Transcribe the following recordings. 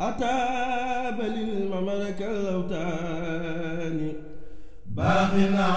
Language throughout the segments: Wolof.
أتاب للمملكة الأوتان باخنا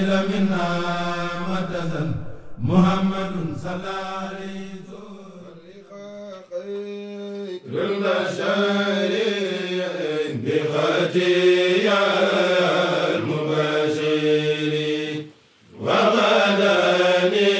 قبل منا مدزا محمد صلى عليه المباشر وغداني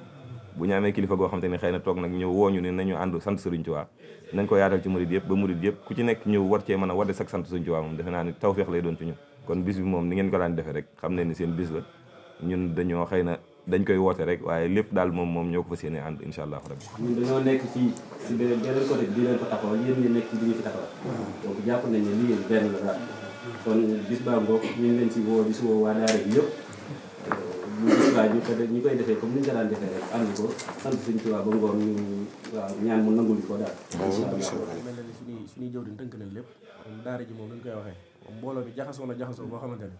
bu ñu amee kilifa goo xam te ne xëy na toog nag ñëw wooñu ne nañu ànd sant Serigne Touba nañ ko yaatal ci murid yëpp ba murid yëpp ku ci nekk ñëw war cee mën a wadde sak sant Serigne Touba moom defe naa ni tawféex lay doon ci ñun kon bis ni ngeen ko na dañ koy woote rek waaye lépp daal moom moom ñoo ko fas yéene ànd insha allahu rabbi ñun dañoo nekk fii si ko taxawal yéen ñi nekk ci bi ñu fi taxawal baa ngoog ñu leen si woo di si woo waa daara bi yëpp Touba ñu ko ñu koy defee comme ni ñu ko daan defee rek ànd ko sant mel na ni suñuy suñuy jëw di tënk nañ lépp moom daara ji moom dañ koy waxee mbooloo bi jaxasoo na jaxasoo boo xamante ne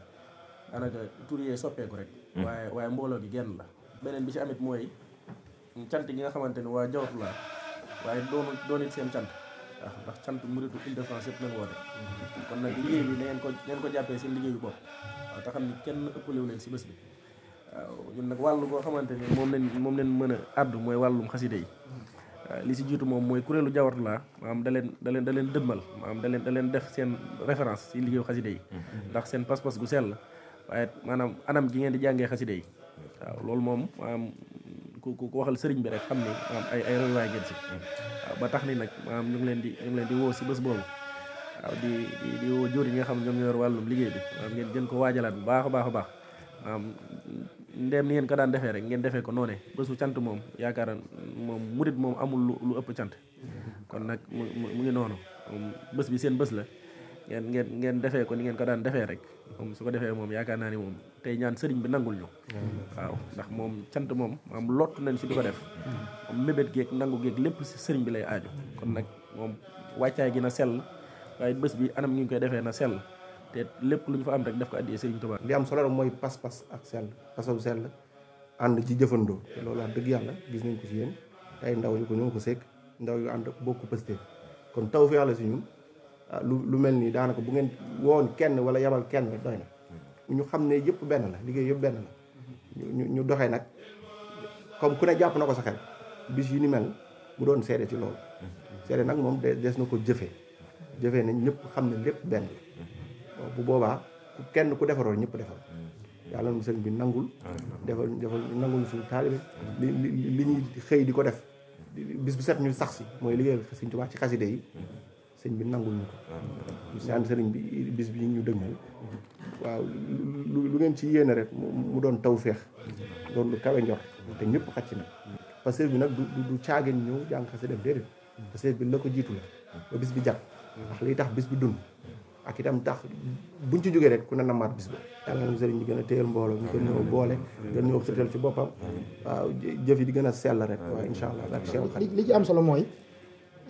daanaka tur soppeeku rek waaye waaye mbooloo bi genn la beneen bi si amit mooy cant gi nga xamante ne waa jawat la waaye doonu doon it seen cant waaw ndax cant muritu Île-de-France yëpp nañ woote kon nag liggéey bi na ko na jàppee seen liggéey bi bopp te xam ni kenn ëppalewu leen si bés bi waaw ñun nag wàllu boo xamante ni moom lañ moom lañ mën a àddu mooy wàllum xaside yi li si jiitu moom mooy kuréelu jawartu laa maanaam da leen da leen da leen dëmmal maanaam da leen da leen def seen référence si liggéeyu xaside yi mm-hmm. ndax seen pas-pas gu sell waaye maanaam anam gi ngeen di jàngee xaside yi waaw loolu moom maanaam ku ku waxal sëriñ bi rek xam ni maanaam ay ay royuwaay ngeen si waaw ba tax ni nag maanaam ñu ngi leen di ñu ngi leen di woo si bés boobu waaw di di di woo jóor yi nga xam ñoom ñoo yor wàllum liggéey bi maanaam ngeen gën ko waajalaat bu baax a baax a baax maanaam ndeem ni ngeen ko daan defee rek ngeen defee ko noonee bésu cant moom yaakaar moom murit moom amul lu ëpp cant kon nag mu mu ngi noonu bës bi seen bës la ngeen ngeen ngeen defee ko ni ngeen ko daan defee rek moom su ko defee moom yaakaar naa ni moom tey ñaan sëriñ bi nangul ñu waaw ndax moom cant moom am lott nañ si di ko def moom mébét geeg nangu geeg lépp si sëriñ bi lay aaju kon nag moom wàccaay gi na sell waaye bës bi anam ngi koy defee na sell te lépp lu ñu fa am rek def ko addiyee Sëriñ Tuubaa li am solo mooy pas-pas ak sell pasaw sell ànd ci jëfandoo te loolu wax dëgg yàlla gis nañ ko ci yéen tey ndaw ñu ko ñoo ko sekk ndaw yu ànd bokk pëste kon taw fi yàlla si ñun ah, lu lu mel nii daanaka bu ngeen woon kenn wala yabal kenn doy na ñu xam ne yëpp benn la liggéey yëpp benn la ñu ñu doxee nag comme ku ne jàpp na ko sa xel bis yu ni mel mu doon seede ci loolu mm-hmm. seede nag moom des na ko jëfee jëfee nañ ñëpp xam ne lépp benn bu boobaa kenn ku defaroon ñëpp defar yàlla na sëñ bi nangul defal defal nangul suñu taalibe li li ñuy xëy di ko def bis bi set ñu sax si mooy liggéeyal sëñ Tuubaa ci xaside yi sëñ bi nangul ñu ko sëriñ bi bis bi ñu dëgmal waaw lu ngeen ci yéene rek mu doon taw feex doon lu kawe njor te ñëpp xacc na parce que bi nag du caageen ñëw jàng xaside dem déedéet parce bi la ko jiitu la ba bis bi jàpp ndax liy tax bis bi dund ak itam tax buñ ci jógee rek ku ne na maat bis ba yàlla nañu sëriñ bi gën a téyal mbooloo mu gën ñëw boole gën ñëw sëtal ci boppam waaw jëf yi di gën a sell rek waaw incha allah ak li ci am solo mooy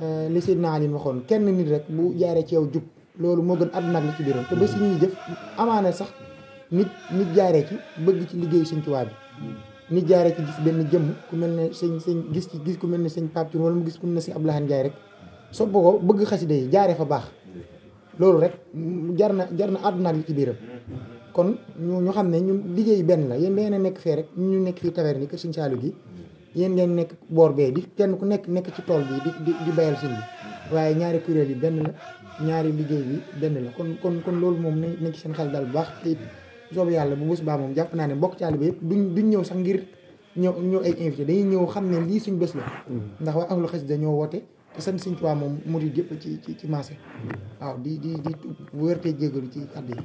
eh, li si naa lim waxoon kenn nit rek bu jaaree ci yow jub loolu moo gën àdduna ak li ci biiram te ba si ñuy jëf amaana sax nit nit jaaree ci bëgg ci liggéey sëñ Tuubaa bi nit jaaree ci gis benn jëmm ku mel ne sëñ sëñ gis ci gis ku mel ne sëñ Pape Thioune wala mu gis ku mel si ab Abdoulaye Ndiaye rek sopp ko bëgg xasida yi jaaree fa baax loolu rek jar na jar na àdduna ak li ci biiram kon ñu xam ne ñu liggéey benn la yéen da ngeen a nekk fee rek ñu nekk fii taverne kër Sëñ Saliou gi yéen ngeen nekk boor bee di kenn ku nekk nekk ci tool bi di di bayal sin waaye ñaari kuréel yi benn la ñaari liggéey bi benn la kon kon kon loolu moom na ci seen xel daal bu baax te soobu yàlla bu bés baa moom jàpp naa ne bokk caali ba yëpp duñ duñ ñëw sax ngir ñëw ñëw ay invité dañuy ñëw xam ne lii suñ bés la mm-hmm. ndax ak Ahlu Xasida dañoo woote te seen Sëñ Tuubaa moom murid ci ci ci maase waaw di di di wërte jégalu ci kàddu yi